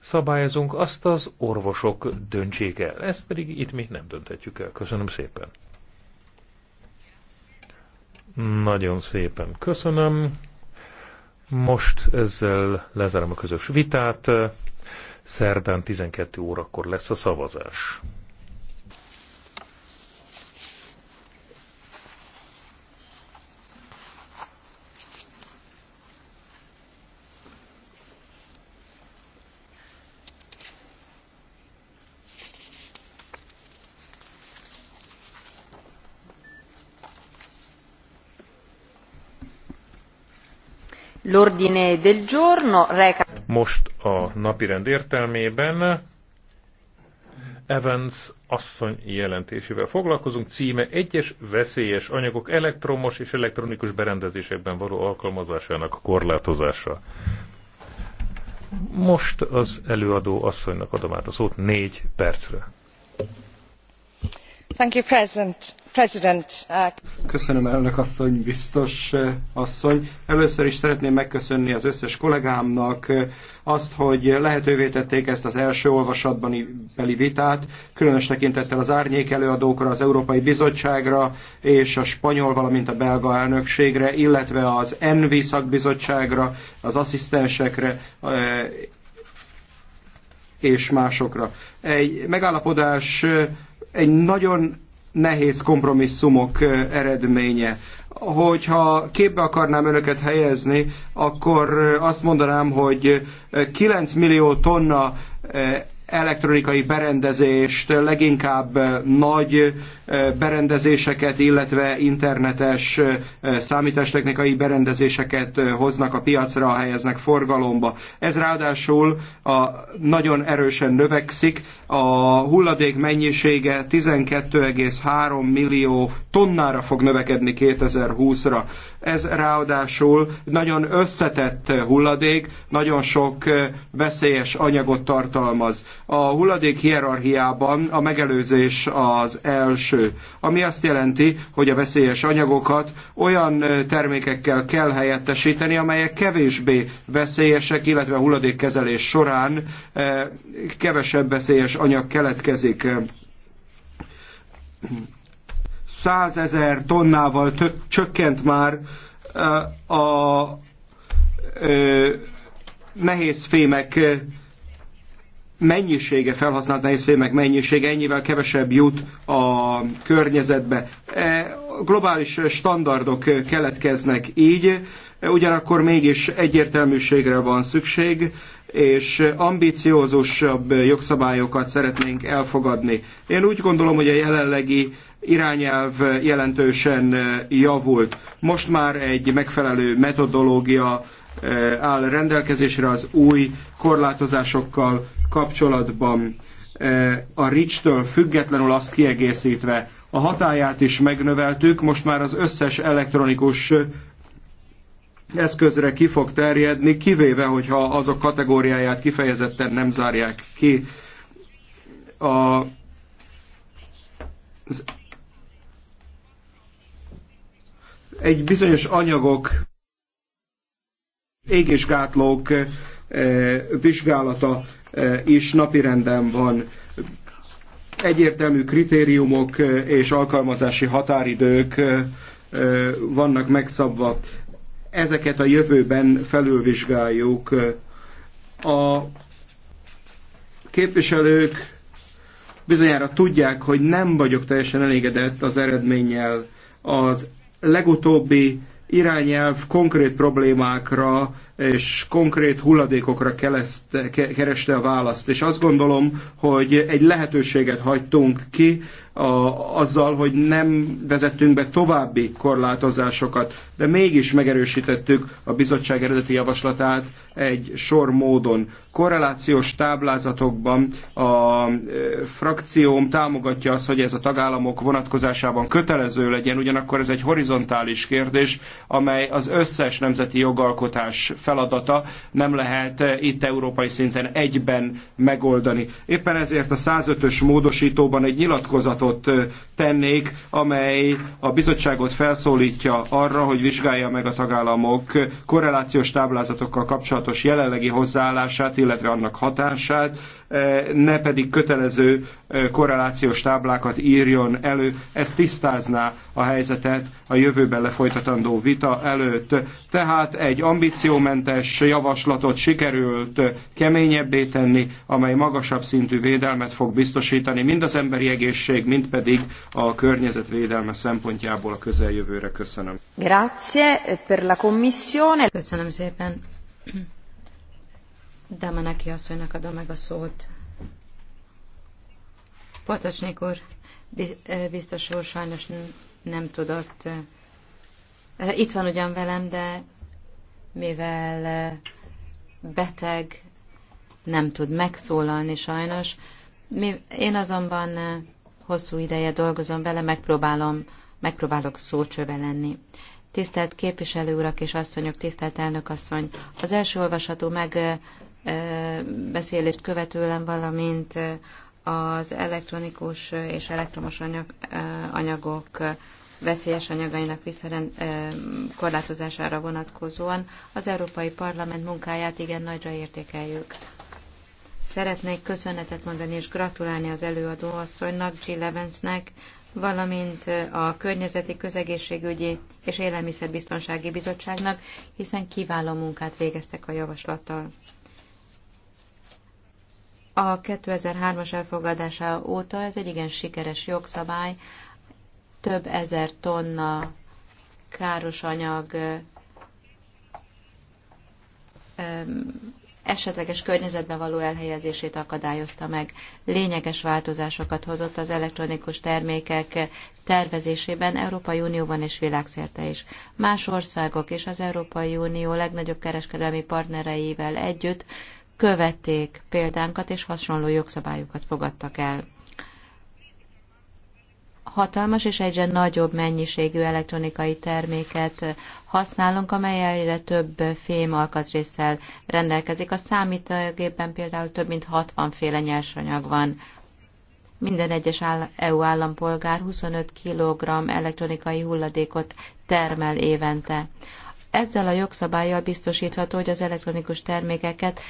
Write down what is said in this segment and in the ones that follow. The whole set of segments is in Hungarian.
szabályozunk, azt az orvosok döntsék el. Ezt pedig itt mi nem dönthetjük el. Köszönöm szépen. Nagyon szépen köszönöm. Most ezzel lezárom a közös vitát. Szerdán 12 órakor lesz a szavazás. L'ordine del giorno reca... Most a napirend értelmében Evans asszony jelentésével foglalkozunk. Címe egyes veszélyes anyagok elektromos és elektronikus berendezésekben való alkalmazásának korlátozása. Most az előadó asszonynak adom át a szót négy percre. Uh, Köszönöm, elnök asszony, biztos uh, asszony. Először is szeretném megköszönni az összes kollégámnak uh, azt, hogy lehetővé tették ezt az első olvasatban beli vitát, különös tekintettel az árnyék előadókra, az Európai Bizottságra és a spanyol, valamint a belga elnökségre, illetve az ENVI szakbizottságra, az asszisztensekre, és másokra. Egy megállapodás egy nagyon nehéz kompromisszumok eredménye. Hogyha képbe akarnám önöket helyezni, akkor azt mondanám, hogy 9 millió tonna elektronikai berendezést, leginkább nagy eh, berendezéseket, illetve internetes eh, számítástechnikai berendezéseket eh, hoznak a piacra, helyeznek forgalomba. Ez ráadásul a, nagyon erősen növekszik. A hulladék mennyisége 12,3 millió tonnára fog növekedni 2020-ra. Ez ráadásul nagyon összetett hulladék, nagyon sok veszélyes anyagot tartalmaz. A hulladék hierarchiában a megelőzés az első, ami azt jelenti, hogy a veszélyes anyagokat olyan termékekkel kell helyettesíteni, amelyek kevésbé veszélyesek, illetve a hulladékkezelés során kevesebb veszélyes anyag keletkezik. Százezer tonnával csökkent már a, a nehéz fémek mennyisége, felhasznált nehézfémek mennyisége ennyivel kevesebb jut a környezetbe. E, globális standardok keletkeznek így, ugyanakkor mégis egyértelműségre van szükség, és ambiciózusabb jogszabályokat szeretnénk elfogadni. Én úgy gondolom, hogy a jelenlegi irányelv jelentősen javult. Most már egy megfelelő metodológia e, áll rendelkezésre az új korlátozásokkal kapcsolatban e, a RICS-től függetlenül azt kiegészítve a hatáját is megnöveltük, most már az összes elektronikus eszközre ki fog terjedni, kivéve, hogyha azok kategóriáját kifejezetten nem zárják ki. A, az, egy bizonyos anyagok égésgátlók E, vizsgálata e, is napirenden van. Egyértelmű kritériumok e, és alkalmazási határidők vannak megszabva. Ezeket a jövőben felülvizsgáljuk. A képviselők bizonyára tudják, hogy nem vagyok teljesen elégedett az eredménnyel. Az legutóbbi irányelv konkrét problémákra és konkrét hulladékokra kereste, a választ. És azt gondolom, hogy egy lehetőséget hagytunk ki a, azzal, hogy nem vezettünk be további korlátozásokat, de mégis megerősítettük a bizottság eredeti javaslatát egy sor módon. Korrelációs táblázatokban a e, frakcióm támogatja azt, hogy ez a tagállamok vonatkozásában kötelező legyen, ugyanakkor ez egy horizontális kérdés, amely az összes nemzeti jogalkotás feladata nem lehet itt európai szinten egyben megoldani. Éppen ezért a 105-ös módosítóban egy nyilatkozatot javaslatot tennék, amely a bizottságot felszólítja arra, hogy vizsgálja meg a tagállamok korrelációs táblázatokkal kapcsolatos jelenlegi hozzáállását, illetve annak hatását, Eh, ne pedig kötelező eh, korrelációs táblákat írjon elő. Ez tisztázná a helyzetet a jövőben lefolytatandó vita előtt. Tehát egy ambíciómentes javaslatot sikerült eh, keményebbé tenni, amely magasabb szintű védelmet fog biztosítani, mind az emberi egészség, mind pedig a környezetvédelme szempontjából a közeljövőre. Köszönöm. Grazie per la commissione. Köszönöm szépen. Damanaki asszonynak adom meg a szót. Potocsnék úr, biztos úr sajnos nem tudott. Itt van ugyan velem, de mivel beteg, nem tud megszólalni sajnos. Én azonban hosszú ideje dolgozom vele, megpróbálom, megpróbálok szócsöve lenni. Tisztelt képviselő urak és asszonyok, tisztelt elnök asszony, az első olvasható meg beszélést követően, valamint az elektronikus és elektromos anyag, anyagok veszélyes anyagainak visszaren, korlátozására vonatkozóan az Európai Parlament munkáját igen nagyra értékeljük. Szeretnék köszönetet mondani és gratulálni az előadó asszonynak, Jill Evansnek, valamint a Környezeti Közegészségügyi és Élelmiszerbiztonsági Bizottságnak, hiszen kiváló munkát végeztek a javaslattal. A 2003-as elfogadása óta ez egy igen sikeres jogszabály, több ezer tonna káros anyag esetleges környezetben való elhelyezését akadályozta meg. Lényeges változásokat hozott az elektronikus termékek tervezésében Európai Unióban és világszerte is. Más országok és az Európai Unió legnagyobb kereskedelmi partnereivel együtt követték példánkat, és hasonló jogszabályokat fogadtak el. Hatalmas és egyre nagyobb mennyiségű elektronikai terméket használunk, amely egyre több fém alkatrészsel rendelkezik. A számítógépben például több mint 60 féle nyersanyag van. Minden egyes EU állampolgár 25 kg elektronikai hulladékot termel évente. Ezzel a jogszabályjal biztosítható, hogy az elektronikus termékeket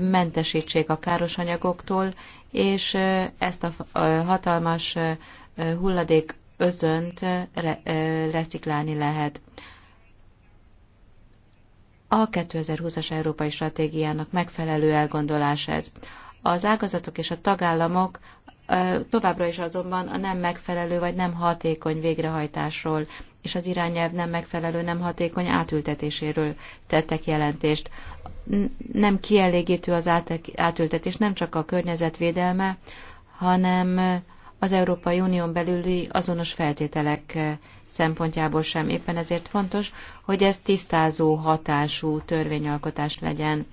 mentesítsék a káros anyagoktól, és ezt a hatalmas hulladék özönt reciklálni lehet. A 2020-as európai stratégiának megfelelő elgondolás ez. Az ágazatok és a tagállamok továbbra is azonban a nem megfelelő vagy nem hatékony végrehajtásról és az irányelv nem megfelelő, nem hatékony átültetéséről tettek jelentést. Nem kielégítő az átültetés, nem csak a környezetvédelme, hanem az Európai Unión belüli azonos feltételek eh, szempontjából sem. Éppen ezért fontos, hogy ez tisztázó hatású törvényalkotás legyen.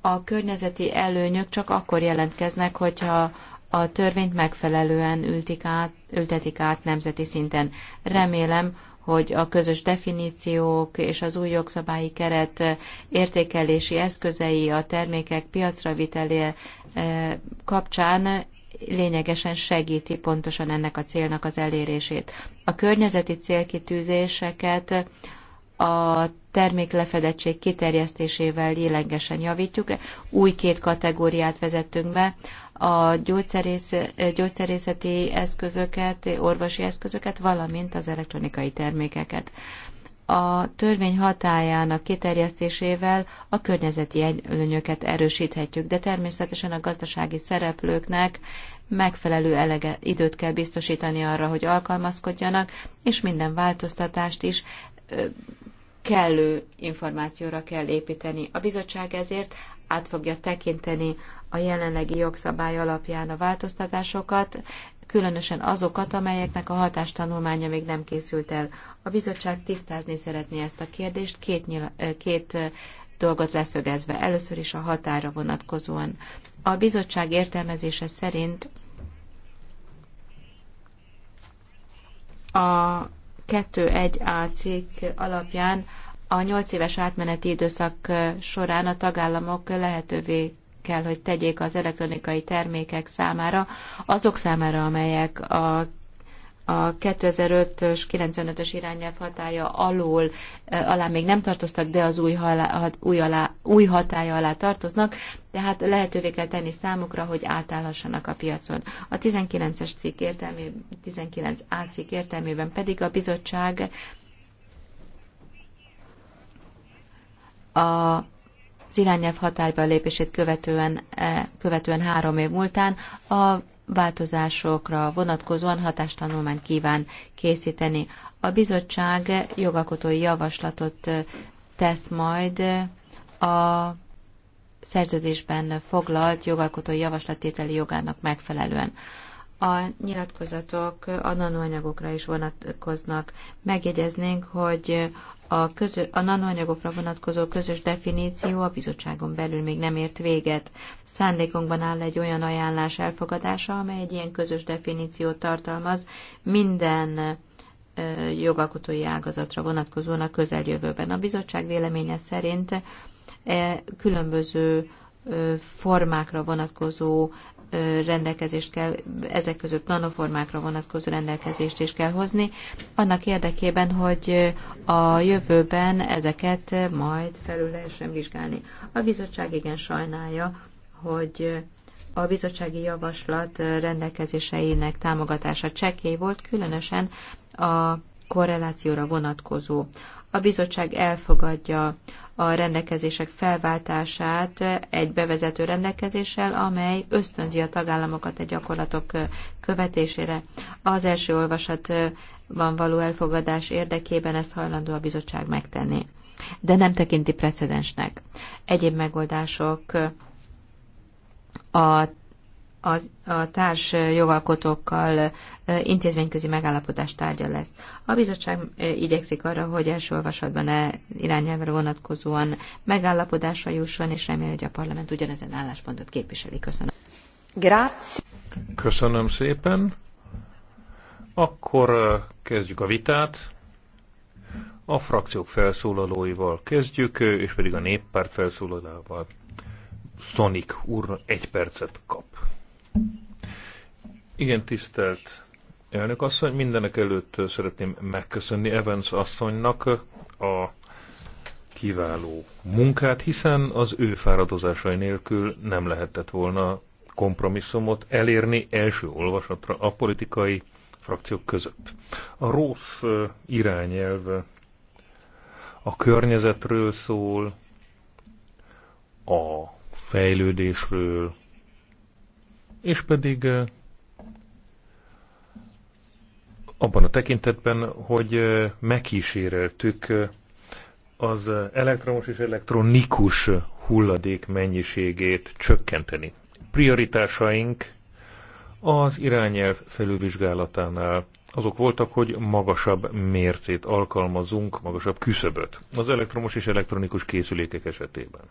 A környezeti előnyök csak akkor jelentkeznek, hogyha a törvényt megfelelően ültik át, ültetik át nemzeti szinten. Remélem, hogy a közös definíciók és az új jogszabályi keret értékelési eszközei a termékek piacra vitelé eh, kapcsán lényegesen segíti pontosan ennek a célnak az elérését. A környezeti célkitűzéseket a termék lefedettség kiterjesztésével lényegesen javítjuk. Új két kategóriát vezettünk be, a gyógyszerész, gyógyszerészeti eszközöket, orvosi eszközöket, valamint az elektronikai termékeket. A törvény hatájának kiterjesztésével a környezeti előnyöket erősíthetjük, de természetesen a gazdasági szereplőknek megfelelő elege, időt kell biztosítani arra, hogy alkalmazkodjanak, és minden változtatást is kellő információra kell építeni. A bizottság ezért át fogja tekinteni a jelenlegi jogszabály alapján a változtatásokat, különösen azokat, amelyeknek a hatástanulmánya még nem készült el. A bizottság tisztázni szeretné ezt a kérdést két, nyil- két dolgot leszögezve. Először is a határa vonatkozóan. A bizottság értelmezése szerint a 2.1a cikk alapján a nyolc éves átmeneti időszak során a tagállamok lehetővé kell, hogy tegyék az elektronikai termékek számára, azok számára, amelyek a a 2005-ös, 95-ös irányelv hatája alól alá még nem tartoztak, de az új, halá, új, alá, új hatája alá tartoznak, tehát lehetővé kell tenni számukra, hogy átállhassanak a piacon. A 19-es cikk értelmében, 19 A cikk értelmében pedig a bizottság a az irányelv hatályba lépését követően, e, követően három év múltán a változásokra vonatkozóan hatástanulmányt kíván készíteni. A bizottság jogalkotói javaslatot e, tesz majd a szerződésben foglalt jogalkotói javaslattételi jogának megfelelően. A nyilatkozatok a nanóanyagokra is vonatkoznak. Megjegyeznénk, hogy a, közö, a nanoanyagokra vonatkozó közös definíció a bizottságon belül még nem ért véget. Szándékunkban áll egy olyan ajánlás elfogadása, amely egy ilyen közös definíciót tartalmaz minden jogalkotói ágazatra vonatkozóan a közeljövőben. A bizottság véleménye szerint e, különböző formákra vonatkozó rendelkezést kell, ezek között nanoformákra vonatkozó rendelkezést is kell hozni, annak érdekében, hogy a jövőben ezeket majd felül lehessen vizsgálni. A bizottság igen sajnálja, hogy a bizottsági javaslat rendelkezéseinek támogatása csekély volt, különösen a korrelációra vonatkozó a bizottság elfogadja a rendelkezések felváltását egy bevezető rendelkezéssel, amely ösztönzi a tagállamokat egy gyakorlatok követésére. Az első olvasatban való elfogadás érdekében ezt hajlandó a bizottság megtenni, de nem tekinti precedensnek. Egyéb megoldások a az, a társ jogalkotókkal intézményközi megállapodás tárgya lesz. A bizottság igyekszik arra, hogy első olvasatban e irányelvre vonatkozóan megállapodásra jusson, és remélem, hogy a parlament ugyanezen álláspontot képviseli. Köszönöm. Grazie. Köszönöm szépen. Akkor kezdjük a vitát. A frakciók felszólalóival kezdjük, és pedig a néppárt felszólalával. Sonic úr egy percet kap. Igen, tisztelt elnök asszony, mindenek előtt szeretném megköszönni Evans asszonynak a kiváló munkát, hiszen az ő fáradozásai nélkül nem lehetett volna kompromisszumot elérni első olvasatra a politikai frakciók között. A rossz irányelv a környezetről szól, a fejlődésről, és pedig abban a tekintetben, hogy megkíséreltük az elektromos és elektronikus hulladék mennyiségét csökkenteni. Prioritásaink az irányelv felülvizsgálatánál azok voltak, hogy magasabb mércét alkalmazunk, magasabb küszöböt az elektromos és elektronikus készülékek esetében.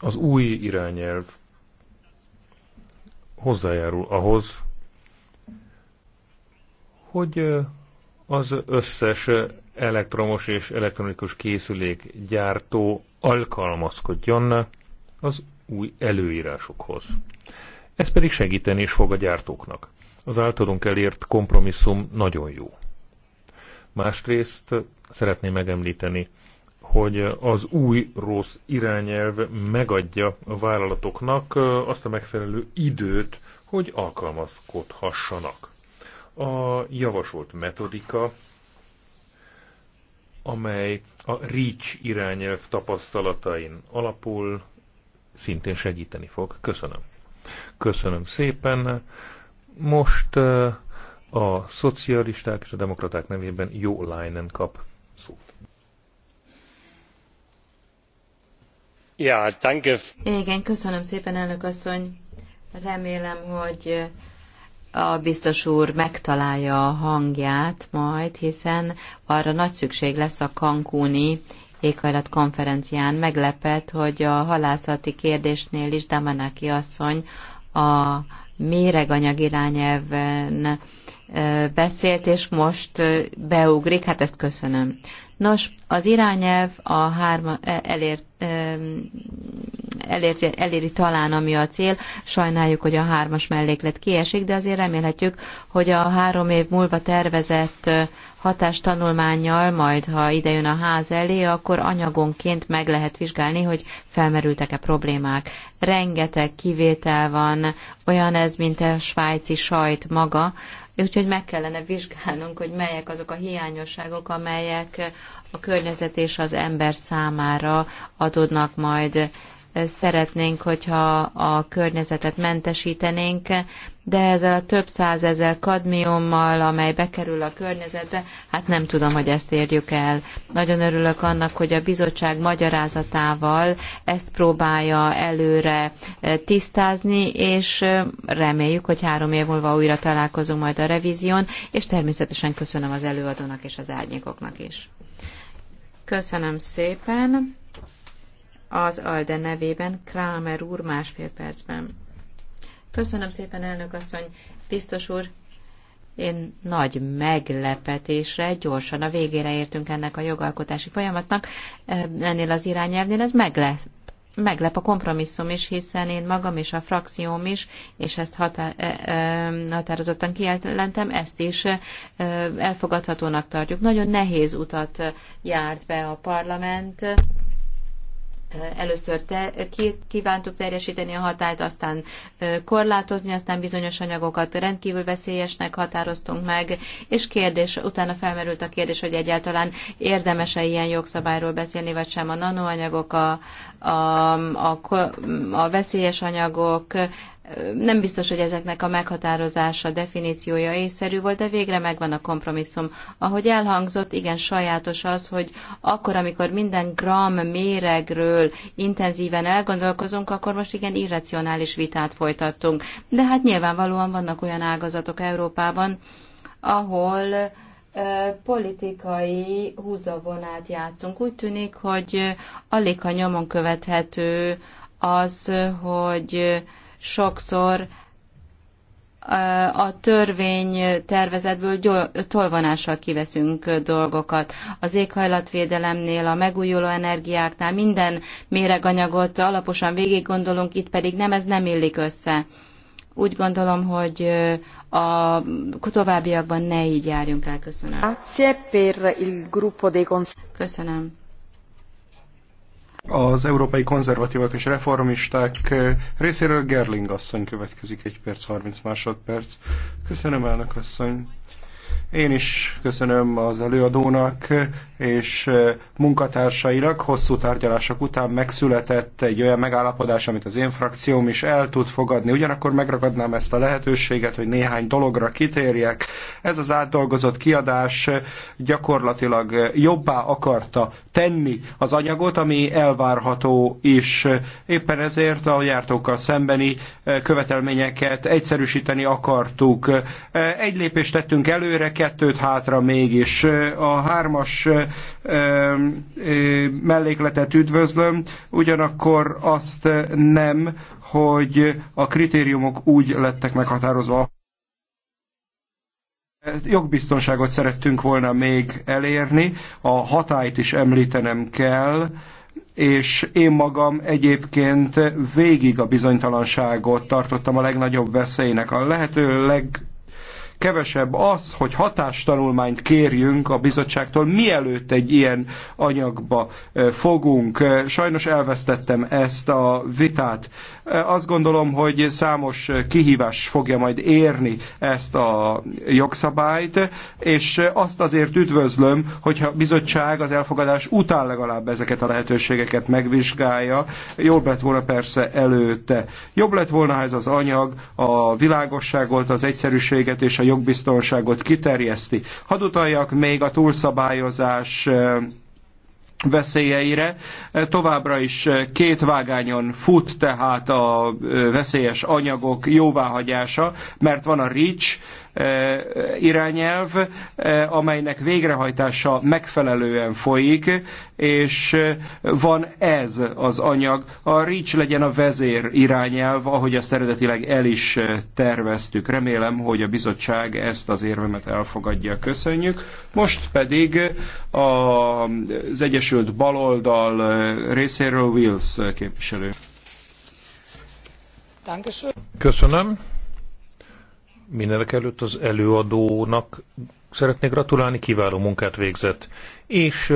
Az új irányelv hozzájárul ahhoz, hogy az összes elektromos és elektronikus készülék gyártó alkalmazkodjon az új előírásokhoz. Ez pedig segíteni is fog a gyártóknak. Az általunk elért kompromisszum nagyon jó. Másrészt szeretném megemlíteni, hogy az új rossz irányelv megadja a vállalatoknak azt a megfelelő időt, hogy alkalmazkodhassanak. A javasolt metodika, amely a REACH irányelv tapasztalatain alapul, szintén segíteni fog. Köszönöm. Köszönöm szépen. Most a szocialisták és a demokraták nevében Jó Leinen kap szót. Igen, köszönöm szépen, elnök asszony. Remélem, hogy a biztos úr megtalálja a hangját majd, hiszen arra nagy szükség lesz a Cancúni éghajlat konferencián. Meglepett, hogy a halászati kérdésnél is Damanaki asszony a méreganyag irányelven beszélt, és most beugrik, hát ezt köszönöm. Nos, az irányelv a hárma, e, elért, e, elért, eléri talán, ami a cél. Sajnáljuk, hogy a hármas melléklet kiesik, de azért remélhetjük, hogy a három év múlva tervezett e, hatástanulmányjal, majd ha ide jön a ház elé, akkor anyagonként meg lehet vizsgálni, hogy felmerültek-e problémák. Rengeteg kivétel van, olyan ez, mint a svájci sajt maga, Úgyhogy meg kellene vizsgálnunk, hogy melyek azok a hiányosságok, amelyek a környezet és az ember számára adódnak majd szeretnénk, hogyha a környezetet mentesítenénk, de ezzel a több százezer kadmiummal, amely bekerül a környezetbe, hát nem tudom, hogy ezt érjük el. Nagyon örülök annak, hogy a bizottság magyarázatával ezt próbálja előre eh, tisztázni, és eh, reméljük, hogy három év múlva újra találkozunk majd a revízión, és természetesen köszönöm az előadónak és az árnyékoknak is. Köszönöm szépen! az ALDE nevében Krámer úr másfél percben. Köszönöm szépen, elnök asszony. Biztos úr, én nagy meglepetésre gyorsan a végére értünk ennek a jogalkotási folyamatnak. Ennél az irányelvnél ez meglep, meglep a kompromisszum is, hiszen én magam és a frakcióm is, és ezt hatá, e, e, határozottan kijelentem, ezt is e, elfogadhatónak tartjuk. Nagyon nehéz utat járt be a parlament először te, kívántuk teljesíteni a hatályt, aztán korlátozni, aztán bizonyos anyagokat rendkívül veszélyesnek határoztunk meg, és kérdés, utána felmerült a kérdés, hogy egyáltalán érdemes-e ilyen jogszabályról beszélni, vagy sem a nanoanyagok, a, a, a, a veszélyes anyagok, nem biztos, hogy ezeknek a meghatározása, definíciója észszerű volt, de végre megvan a kompromisszum. Ahogy elhangzott, igen sajátos az, hogy akkor, amikor minden gram méregről intenzíven elgondolkozunk, akkor most igen irracionális vitát folytattunk. De hát nyilvánvalóan vannak olyan ágazatok Európában, ahol politikai húzavonát játszunk. Úgy tűnik, hogy alig a nyomon követhető az, hogy sokszor a törvény tervezetből tolvanással kiveszünk dolgokat. Az éghajlatvédelemnél, a megújuló energiáknál minden méreganyagot alaposan végig gondolunk, itt pedig nem, ez nem illik össze. Úgy gondolom, hogy a továbbiakban ne így járjunk el. Köszönöm. Köszönöm az európai konzervatívak és reformisták eh, részéről Gerling asszony következik, egy perc, 30 másodperc. Köszönöm, elnök asszony. Én is köszönöm az előadónak és eh, munkatársainak. Hosszú tárgyalások után megszületett egy olyan megállapodás, amit az én frakcióm is el tud fogadni. Ugyanakkor megragadnám ezt a lehetőséget, hogy néhány dologra kitérjek. Ez az átdolgozott kiadás eh, gyakorlatilag eh, jobbá akarta tenni az anyagot, ami elvárható is. Éppen ezért a jártókkal szembeni követelményeket egyszerűsíteni akartuk. Egy lépést tettünk előre, kettőt hátra mégis. A hármas mellékletet üdvözlöm, ugyanakkor azt nem, hogy a kritériumok úgy lettek meghatározva. Jogbiztonságot szerettünk volna még elérni, a hatályt is említenem kell, és én magam egyébként végig a bizonytalanságot tartottam a legnagyobb veszélynek. A lehető leg kevesebb az, hogy hatástanulmányt kérjünk a bizottságtól, mielőtt egy ilyen anyagba fogunk. Sajnos elvesztettem ezt a vitát. Azt gondolom, hogy számos kihívás fogja majd érni ezt a jogszabályt, és azt azért üdvözlöm, hogyha a bizottság az elfogadás után legalább ezeket a lehetőségeket megvizsgálja. Jobb lett volna persze előtte. Jobb lett volna, ha ez az anyag a világosságot, az egyszerűséget és a jogbiztonságot kiterjeszti. Hadd utaljak még a túlszabályozás veszélyeire. Továbbra is két vágányon fut tehát a veszélyes anyagok jóváhagyása, mert van a REACH, irányelv, amelynek végrehajtása megfelelően folyik, és van ez az anyag. A REACH legyen a vezér irányelv, ahogy azt eredetileg el is terveztük. Remélem, hogy a bizottság ezt az érvemet elfogadja. Köszönjük. Most pedig az Egyesült Baloldal részéről Wills képviselő. Köszönöm. Mindenek előtt az előadónak szeretnék gratulálni, kiváló munkát végzett. És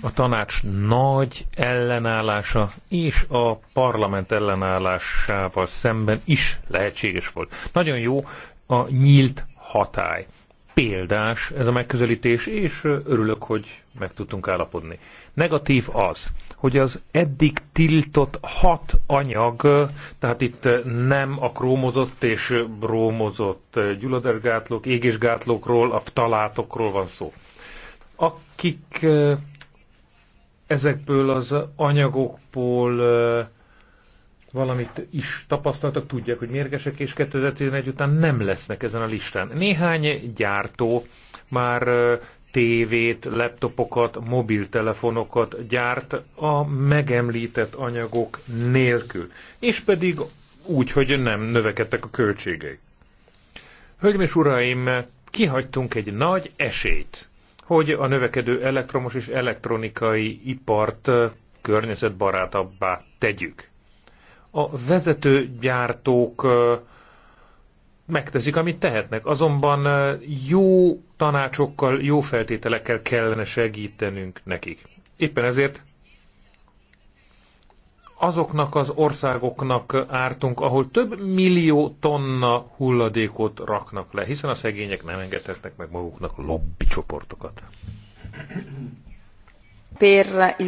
a tanács nagy ellenállása és a parlament ellenállásával szemben is lehetséges volt. Nagyon jó a nyílt hatály példás ez a megközelítés, és örülök, hogy meg tudtunk állapodni. Negatív az, hogy az eddig tiltott hat anyag, tehát itt nem a krómozott és brómozott gyulladergátlók, égésgátlókról, a talátokról van szó. Akik ezekből az anyagokból valamit is tapasztaltak, tudják, hogy mérgesek, és 2011 után nem lesznek ezen a listán. Néhány gyártó már tévét, laptopokat, mobiltelefonokat gyárt a megemlített anyagok nélkül, és pedig úgy, hogy nem növekedtek a költségei. Hölgyeim és uraim, kihagytunk egy nagy esélyt, hogy a növekedő elektromos és elektronikai ipart környezetbarátabbá tegyük a vezető gyártók megteszik, amit tehetnek. Azonban jó tanácsokkal, jó feltételekkel kellene segítenünk nekik. Éppen ezért azoknak az országoknak ártunk, ahol több millió tonna hulladékot raknak le, hiszen a szegények nem engedhetnek meg maguknak lobby csoportokat.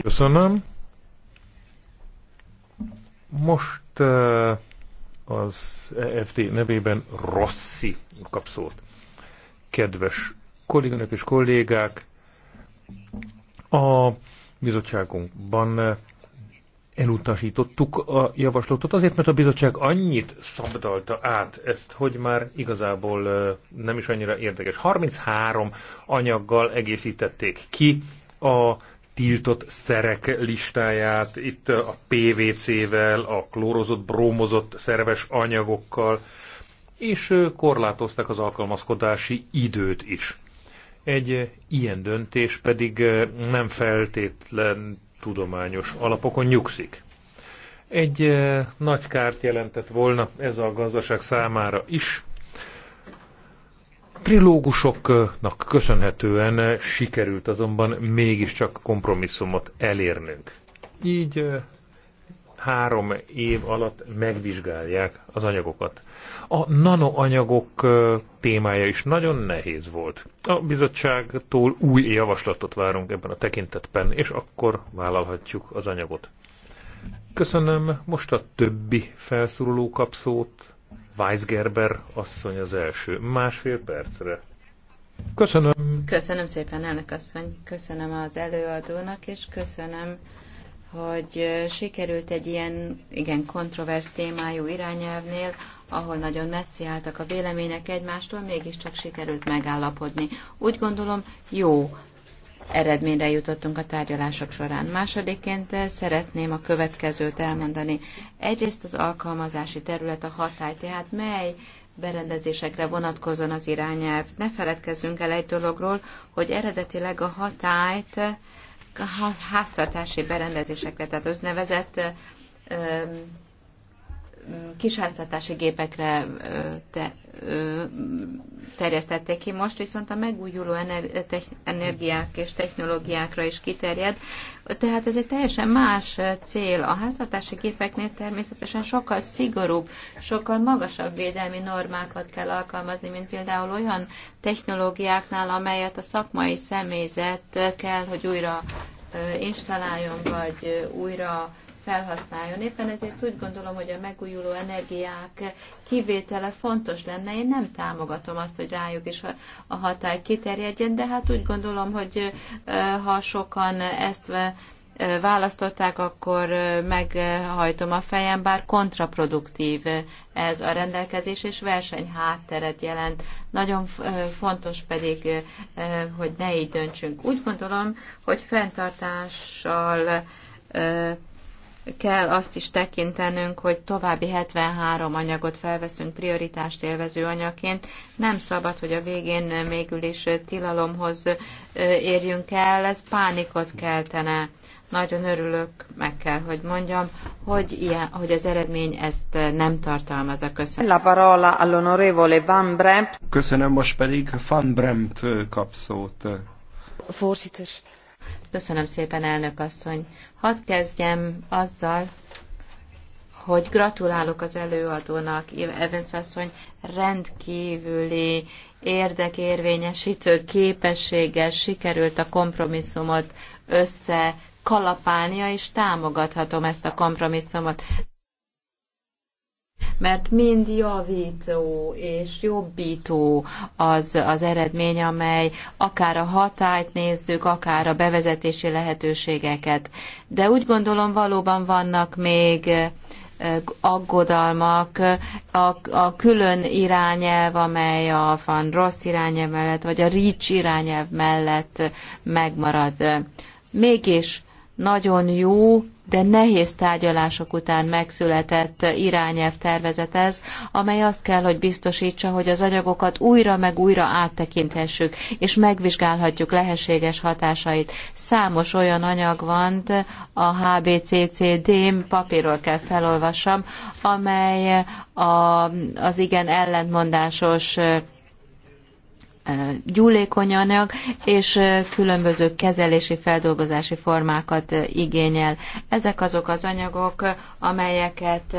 Köszönöm. Most az EFD nevében Rossi kap szót. Kedves kolléganök és kollégák, a bizottságunkban elutasítottuk a javaslatot azért, mert a bizottság annyit szabdalta át ezt, hogy már igazából nem is annyira érdekes. 33 anyaggal egészítették ki a tiltott szerek listáját, itt a PVC-vel, a klórozott, brómozott szerves anyagokkal, és korlátozták az alkalmazkodási időt is. Egy ilyen döntés pedig nem feltétlen tudományos alapokon nyugszik. Egy nagy kárt jelentett volna ez a gazdaság számára is, trilógusoknak köszönhetően sikerült azonban mégiscsak kompromisszumot elérnünk. Így három év alatt megvizsgálják az anyagokat. A nanoanyagok témája is nagyon nehéz volt. A bizottságtól új javaslatot várunk ebben a tekintetben, és akkor vállalhatjuk az anyagot. Köszönöm, most a többi felszóló kapszót. Weisgerber asszony az első. Másfél percre. Köszönöm. Köszönöm szépen, elnök asszony. Köszönöm az előadónak, és köszönöm, hogy sikerült egy ilyen, igen, kontrovers témájú irányelvnél, ahol nagyon messzi álltak a vélemények egymástól, mégiscsak sikerült megállapodni. Úgy gondolom, jó eredményre jutottunk a tárgyalások során. Másodiként eh, szeretném a következőt elmondani. Egyrészt az alkalmazási terület, a hatály, tehát mely berendezésekre vonatkozon az irányelv. Ne feledkezzünk el egy dologról, hogy eredetileg a hatályt eh, a háztartási berendezésekre, tehát az nevezett eh, kisháztartási gépekre te, terjesztették ki, most viszont a megújuló energiák és technológiákra is kiterjed, tehát ez egy teljesen más cél. A háztartási gépeknél természetesen sokkal szigorúbb, sokkal magasabb védelmi normákat kell alkalmazni, mint például olyan technológiáknál, amelyet a szakmai személyzet kell, hogy újra installáljon, vagy újra felhasználjon. Éppen ezért úgy gondolom, hogy a megújuló energiák kivétele fontos lenne. Én nem támogatom azt, hogy rájuk is a hatály kiterjedjen, de hát úgy gondolom, hogy ha sokan ezt választották, akkor meghajtom a fejem, bár kontraproduktív ez a rendelkezés, és verseny hátteret jelent. Nagyon fontos pedig, hogy ne így döntsünk. Úgy gondolom, hogy fenntartással kell azt is tekintenünk, hogy további 73 anyagot felveszünk prioritást élvező anyagként. Nem szabad, hogy a végén mégül is tilalomhoz érjünk el, ez pánikot keltene. Nagyon örülök, meg kell, hogy mondjam, hogy, ilyen, hogy az eredmény ezt nem a Köszönöm. La parola all'onorevole Van Bremt. Köszönöm, most pedig Van Bremt kap szót. Voorzitter. Köszönöm szépen, elnök asszony. Hadd kezdjem azzal, hogy gratulálok az előadónak, Evans asszony rendkívüli érdekérvényesítő képességgel sikerült a kompromisszumot kalapálnia, és támogathatom ezt a kompromisszumot mert mind javító és jobbító az, az eredmény, amely akár a hatályt nézzük, akár a bevezetési lehetőségeket. De úgy gondolom valóban vannak még aggodalmak, a, a külön irányelv, amely a van rossz irányelv mellett, vagy a rics irányelv mellett megmarad. Mégis nagyon jó de nehéz tárgyalások után megszületett irányelv tervezet ez, amely azt kell, hogy biztosítsa, hogy az anyagokat újra meg újra áttekinthessük, és megvizsgálhatjuk lehetséges hatásait. Számos olyan anyag van, a HBCCD-m papírról kell felolvassam, amely a, az igen ellentmondásos gyúlékony anyag, és különböző kezelési, feldolgozási formákat igényel. Ezek azok az anyagok, amelyeket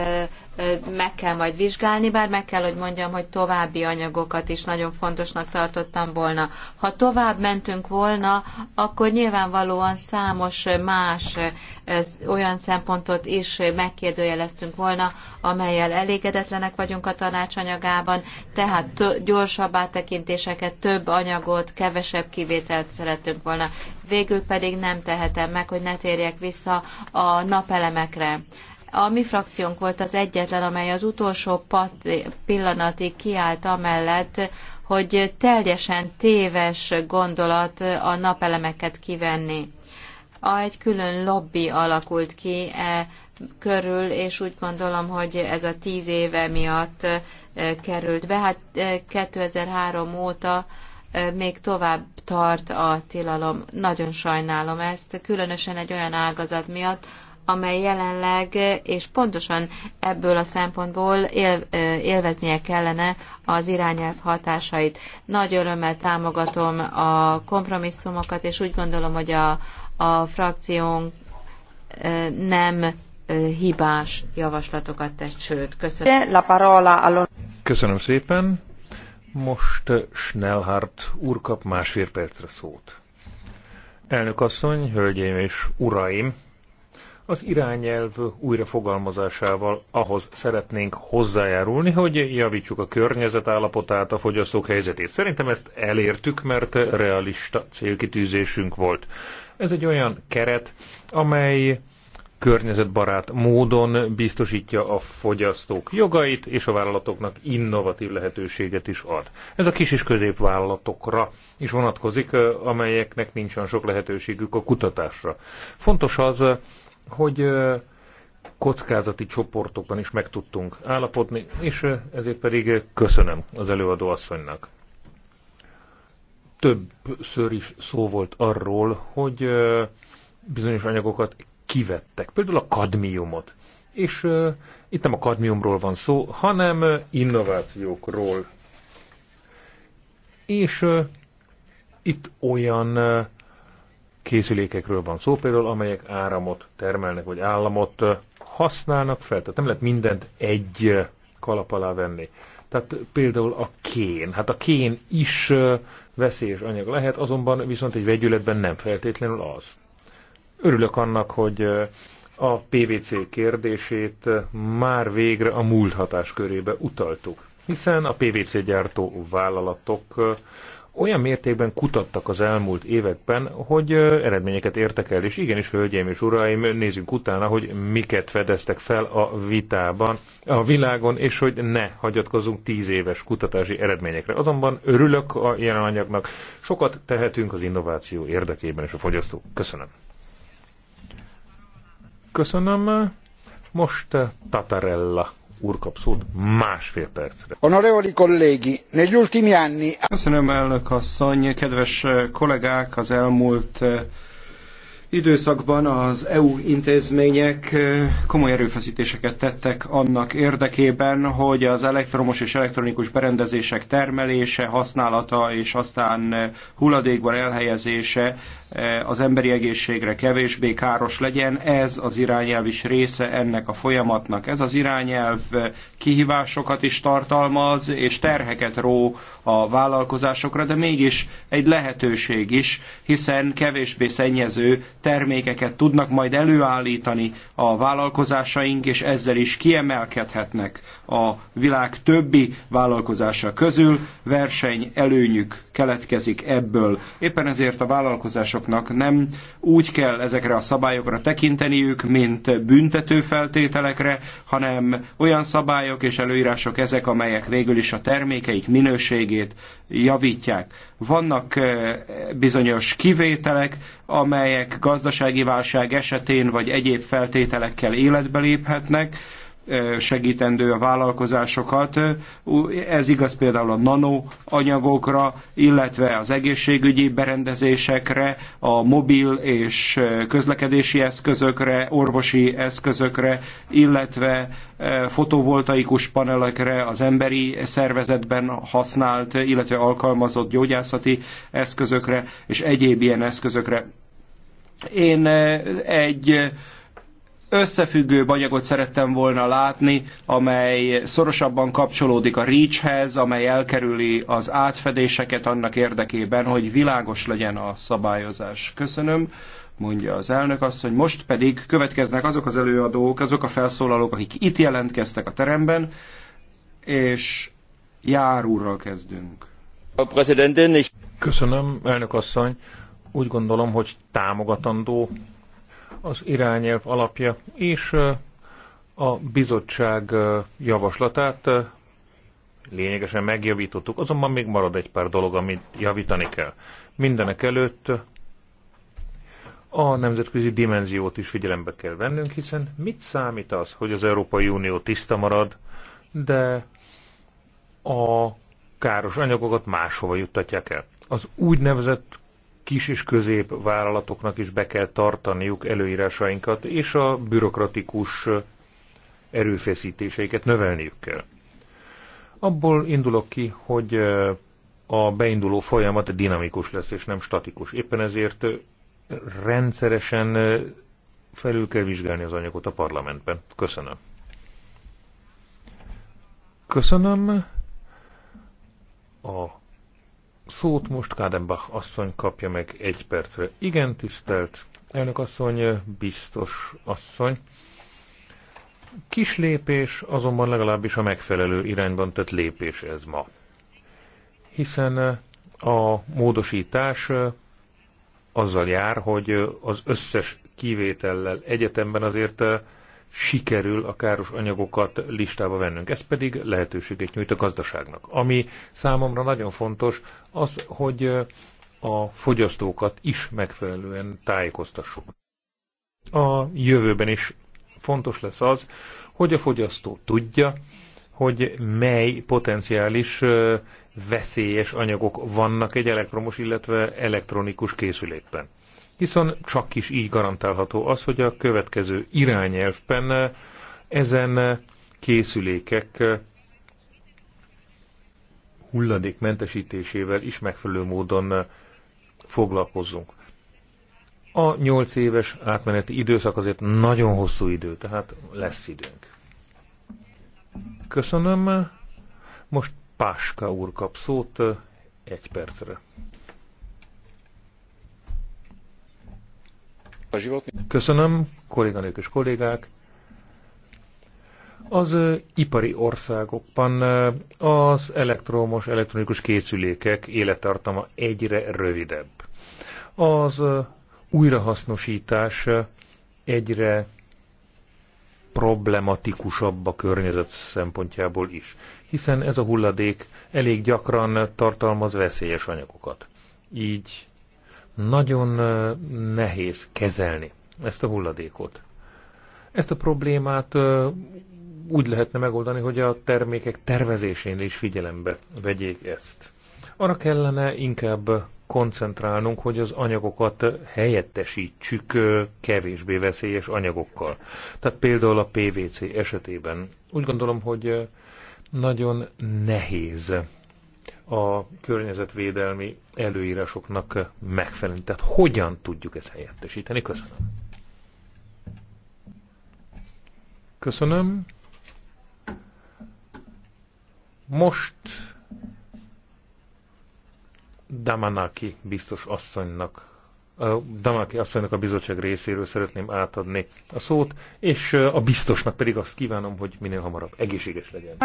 meg kell majd vizsgálni, bár meg kell, hogy mondjam, hogy további anyagokat is nagyon fontosnak tartottam volna. Ha tovább mentünk volna, akkor nyilvánvalóan számos más olyan szempontot is megkérdőjeleztünk volna, amelyel elégedetlenek vagyunk a tanácsanyagában, tehát t- gyorsabb áttekintéseket, több anyagot, kevesebb kivételt szeretünk volna. Végül pedig nem tehetem meg, hogy ne térjek vissza a napelemekre. A mi frakciónk volt az egyetlen, amely az utolsó pat- pillanatig kiállt amellett, hogy teljesen téves gondolat a napelemeket kivenni egy külön lobby alakult ki e körül, és úgy gondolom, hogy ez a tíz éve miatt e, került be. Hát 2003 e, óta e, még tovább tart a tilalom. Nagyon sajnálom ezt, különösen egy olyan ágazat miatt, amely jelenleg, és pontosan ebből a szempontból él, élveznie kellene az irányelv hatásait. Nagy örömmel támogatom a kompromisszumokat, és úgy gondolom, hogy a, a frakciónk nem hibás javaslatokat tett, sőt, köszönöm. Köszönöm szépen. Most Schnellhardt úr kap másfél percre szót. Elnök asszony, hölgyeim és uraim! az irányelv újrafogalmazásával ahhoz szeretnénk hozzájárulni, hogy javítsuk a környezet állapotát, a fogyasztók helyzetét. Szerintem ezt elértük, mert realista célkitűzésünk volt. Ez egy olyan keret, amely környezetbarát módon biztosítja a fogyasztók jogait, és a vállalatoknak innovatív lehetőséget is ad. Ez a kis és középvállalatokra is vonatkozik, amelyeknek nincsen sok lehetőségük a kutatásra. Fontos az, hogy kockázati csoportokban is meg tudtunk állapodni, és ezért pedig köszönöm az előadó asszonynak. Többször is szó volt arról, hogy bizonyos anyagokat kivettek, például a kadmiumot. És itt nem a kadmiumról van szó, hanem innovációkról. És itt olyan készülékekről van szó, például amelyek áramot termelnek, vagy államot használnak fel. Tehát nem lehet mindent egy kalap alá venni. Tehát például a kén. Hát a kén is veszélyes anyag lehet, azonban viszont egy vegyületben nem feltétlenül az. Örülök annak, hogy a PVC kérdését már végre a múlt hatás körébe utaltuk, hiszen a PVC gyártó vállalatok olyan mértékben kutattak az elmúlt években, hogy eredményeket értek el, és igenis, hölgyeim és uraim, nézzünk utána, hogy miket fedeztek fel a vitában, a világon, és hogy ne hagyatkozunk tíz éves kutatási eredményekre. Azonban örülök a jelen anyagnak, sokat tehetünk az innováció érdekében és a fogyasztó. Köszönöm. Köszönöm. Most Tatarella úr kap szót másfél percre. Onorevoli kollégi, negli ultimi anni... Köszönöm, elnök asszony, kedves kollégák, az elmúlt időszakban az EU intézmények komoly erőfeszítéseket tettek annak érdekében, hogy az elektromos és elektronikus berendezések termelése, használata és aztán hulladékban elhelyezése az emberi egészségre kevésbé káros legyen. Ez az irányelv is része ennek a folyamatnak. Ez az irányelv kihívásokat is tartalmaz, és terheket ró a vállalkozásokra, de mégis egy lehetőség is, hiszen kevésbé szennyező termékeket tudnak majd előállítani a vállalkozásaink, és ezzel is kiemelkedhetnek a világ többi vállalkozása közül, verseny előnyük keletkezik ebből. Éppen ezért a vállalkozásoknak nem úgy kell ezekre a szabályokra tekinteniük, mint büntető feltételekre, hanem olyan szabályok és előírások ezek, amelyek végül is a termékeik minőségét javítják. Vannak bizonyos kivételek, amelyek gazdasági válság esetén vagy egyéb feltételekkel életbe léphetnek, segítendő a vállalkozásokat. Ez igaz például a nanoanyagokra, illetve az egészségügyi berendezésekre, a mobil és közlekedési eszközökre, orvosi eszközökre, illetve fotovoltaikus panelekre, az emberi szervezetben használt, illetve alkalmazott gyógyászati eszközökre és egyéb ilyen eszközökre. Én egy összefüggő anyagot szerettem volna látni, amely szorosabban kapcsolódik a REACH-hez, amely elkerüli az átfedéseket annak érdekében, hogy világos legyen a szabályozás. Köszönöm mondja az elnök azt, hogy most pedig következnek azok az előadók, azok a felszólalók, akik itt jelentkeztek a teremben, és Jár úrral kezdünk. Köszönöm, elnök asszony. Úgy gondolom, hogy támogatandó az irányelv alapja, és a bizottság javaslatát lényegesen megjavítottuk, azonban még marad egy pár dolog, amit javítani kell. Mindenek előtt a nemzetközi dimenziót is figyelembe kell vennünk, hiszen mit számít az, hogy az Európai Unió tiszta marad, de a káros anyagokat máshova juttatják el. Az úgynevezett kis és közép vállalatoknak is be kell tartaniuk előírásainkat, és a bürokratikus erőfeszítéseiket növelniük kell. Abból indulok ki, hogy a beinduló folyamat dinamikus lesz, és nem statikus. Éppen ezért rendszeresen felül kell vizsgálni az anyagot a parlamentben. Köszönöm. Köszönöm. A szót most Kádenbach asszony kapja meg egy percre. Igen, tisztelt elnök asszony, biztos asszony. Kis lépés, azonban legalábbis a megfelelő irányban tett lépés ez ma. Hiszen eh, a módosítás eh, azzal jár, hogy eh, az összes kivétellel egyetemben azért sikerül a káros anyagokat listába vennünk. Ez pedig lehetőséget nyújt a gazdaságnak. Ami számomra nagyon fontos, az, hogy a fogyasztókat is megfelelően tájékoztassuk. A jövőben is fontos lesz az, hogy a fogyasztó tudja, hogy mely potenciális veszélyes anyagok vannak egy elektromos, illetve elektronikus készülékben hiszen csak is így garantálható az, hogy a következő irányelvben ezen készülékek hulladékmentesítésével is megfelelő módon foglalkozzunk. A nyolc éves átmeneti időszak azért nagyon hosszú idő, tehát lesz időnk. Köszönöm. Most Páska úr kap szót eh, egy percre. Köszönöm, kolléganők és kollégák. Az ipari országokban az elektromos, elektronikus készülékek élettartama egyre rövidebb. Az újrahasznosítás egyre problematikusabb a környezet szempontjából is, hiszen ez a hulladék elég gyakran tartalmaz veszélyes anyagokat. Így nagyon nehéz kezelni ezt a hulladékot. Ezt a problémát úgy lehetne megoldani, hogy a termékek tervezésén is figyelembe vegyék ezt. Arra kellene inkább koncentrálnunk, hogy az anyagokat helyettesítsük kevésbé veszélyes anyagokkal. Tehát például a PVC esetében. Úgy gondolom, hogy nagyon nehéz a környezetvédelmi előírásoknak megfelelni. Tehát hogyan tudjuk ezt helyettesíteni? Köszönöm. Köszönöm. Most Damanaki biztos asszonynak a Damaki asszonynak a bizottság részéről szeretném átadni a szót, és a biztosnak pedig azt kívánom, hogy minél hamarabb egészséges legyen.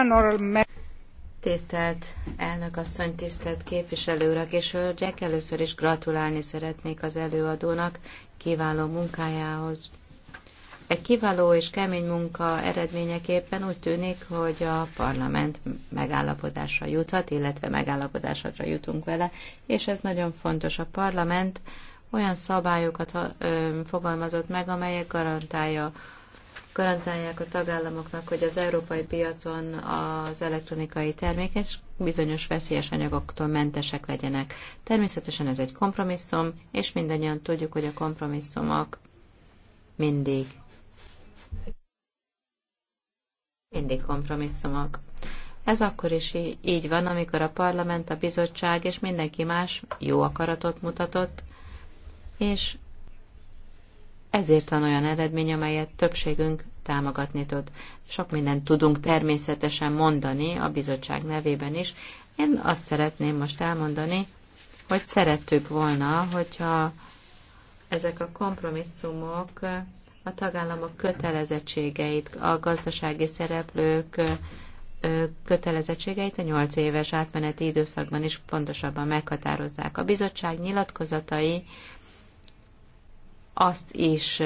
Tisztelt elnök asszony, tisztelt képviselőrök és hölgyek, először is gratulálni szeretnék az előadónak kiváló munkájához. Egy kiváló és kemény munka eredményeképpen úgy tűnik, hogy a parlament megállapodásra juthat, illetve megállapodásra jutunk vele, és ez nagyon fontos. A parlament olyan szabályokat fogalmazott meg, amelyek garantálja garantálják a tagállamoknak, hogy az európai piacon az elektronikai termékek bizonyos veszélyes anyagoktól mentesek legyenek. Természetesen ez egy kompromisszum, és mindannyian tudjuk, hogy a kompromisszumok mindig mindig kompromisszumok. Ez akkor is így van, amikor a parlament, a bizottság és mindenki más jó akaratot mutatott, és ezért van olyan eredmény, amelyet többségünk támogatni tud. Sok mindent tudunk természetesen mondani a bizottság nevében is. Én azt szeretném most elmondani, hogy szerettük volna, hogyha ezek a kompromisszumok a tagállamok kötelezettségeit, a gazdasági szereplők kötelezettségeit a nyolc éves átmeneti időszakban is pontosabban meghatározzák. A bizottság nyilatkozatai azt is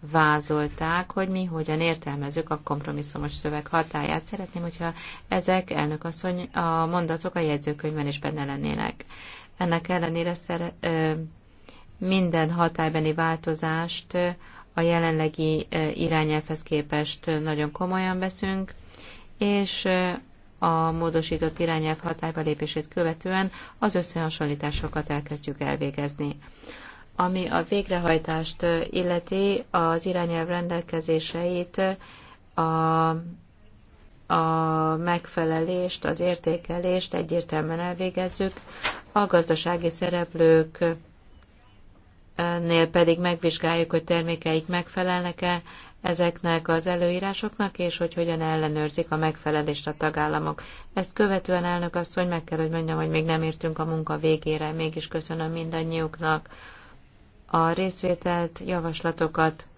vázolták, hogy mi hogyan értelmezzük a kompromisszumos szöveg hatáját. Szeretném, hogyha ezek, elnök asszony, a mondatok a jegyzőkönyvben is benne lennének. Ennek ellenére szere, ö, minden hatálybeni változást a jelenlegi irányelvhez képest nagyon komolyan veszünk, és a módosított irányelv hatályba lépését követően az összehasonlításokat elkezdjük elvégezni. Ami a végrehajtást illeti, az irányelv rendelkezéseit a, a megfelelést, az értékelést egyértelműen elvégezzük, a gazdasági szereplők nél pedig megvizsgáljuk, hogy termékeik megfelelnek-e ezeknek az előírásoknak, és hogy hogyan ellenőrzik a megfelelést a tagállamok. Ezt követően elnök asszony meg kell, hogy mondjam, hogy még nem értünk a munka végére, mégis köszönöm mindannyiuknak a részvételt, javaslatokat,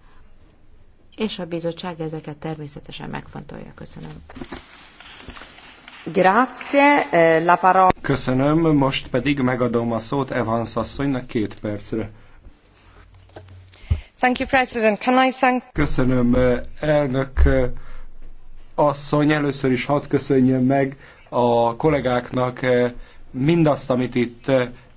és a bizottság ezeket természetesen megfontolja. Köszönöm. Grazie, eh, la parola. Köszönöm, most pedig megadom a szót Evans asszonynak két percre. Thank you, President. Can I thank... Köszönöm, eh, elnök eh, asszony, először is hadd köszönjem meg a kollégáknak mindazt, amit itt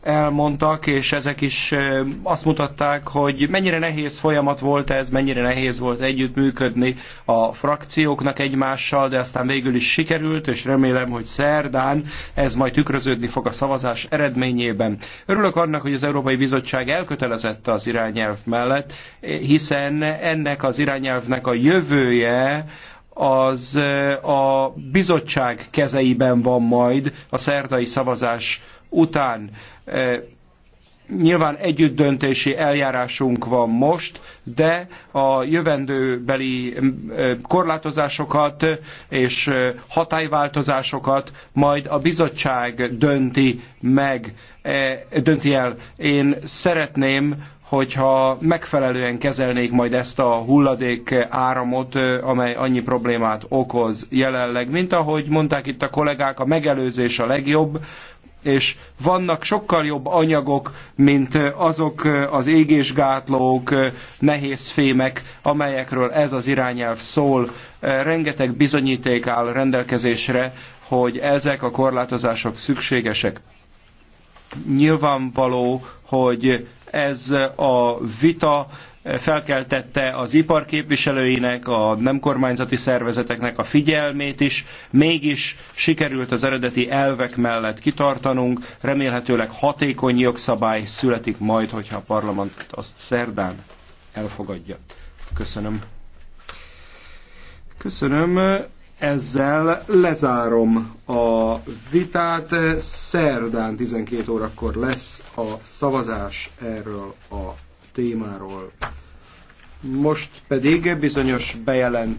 elmondtak, és ezek is azt mutatták, hogy mennyire nehéz folyamat volt ez, mennyire nehéz volt együttműködni a frakcióknak egymással, de aztán végül is sikerült, és remélem, hogy szerdán ez majd tükröződni fog a szavazás eredményében. Örülök annak, hogy az Európai Bizottság elkötelezett az irányelv mellett, hiszen ennek az irányelvnek a jövője az a bizottság kezeiben van majd a szerdai szavazás után Nyilván együttdöntési eljárásunk van most, de a jövendőbeli korlátozásokat és hatályváltozásokat majd a bizottság dönti meg, dönti el. Én szeretném, hogyha megfelelően kezelnék majd ezt a hulladék áramot, amely annyi problémát okoz jelenleg. Mint ahogy mondták itt a kollégák, a megelőzés a legjobb, és vannak sokkal jobb anyagok, mint azok az égésgátlók, fémek, amelyekről ez az irányelv szól. Rengeteg bizonyíték áll rendelkezésre, hogy ezek a korlátozások szükségesek. Nyilvánvaló, hogy ez a vita felkeltette az ipar képviselőinek, a nem kormányzati szervezeteknek a figyelmét is, mégis sikerült az eredeti elvek mellett kitartanunk, remélhetőleg hatékony jogszabály születik majd, hogyha a parlament azt szerdán elfogadja. Köszönöm. Köszönöm. Ezzel lezárom a vitát. Szerdán 12 órakor lesz a szavazás erről a témáról. Most pedig bizonyos bejelent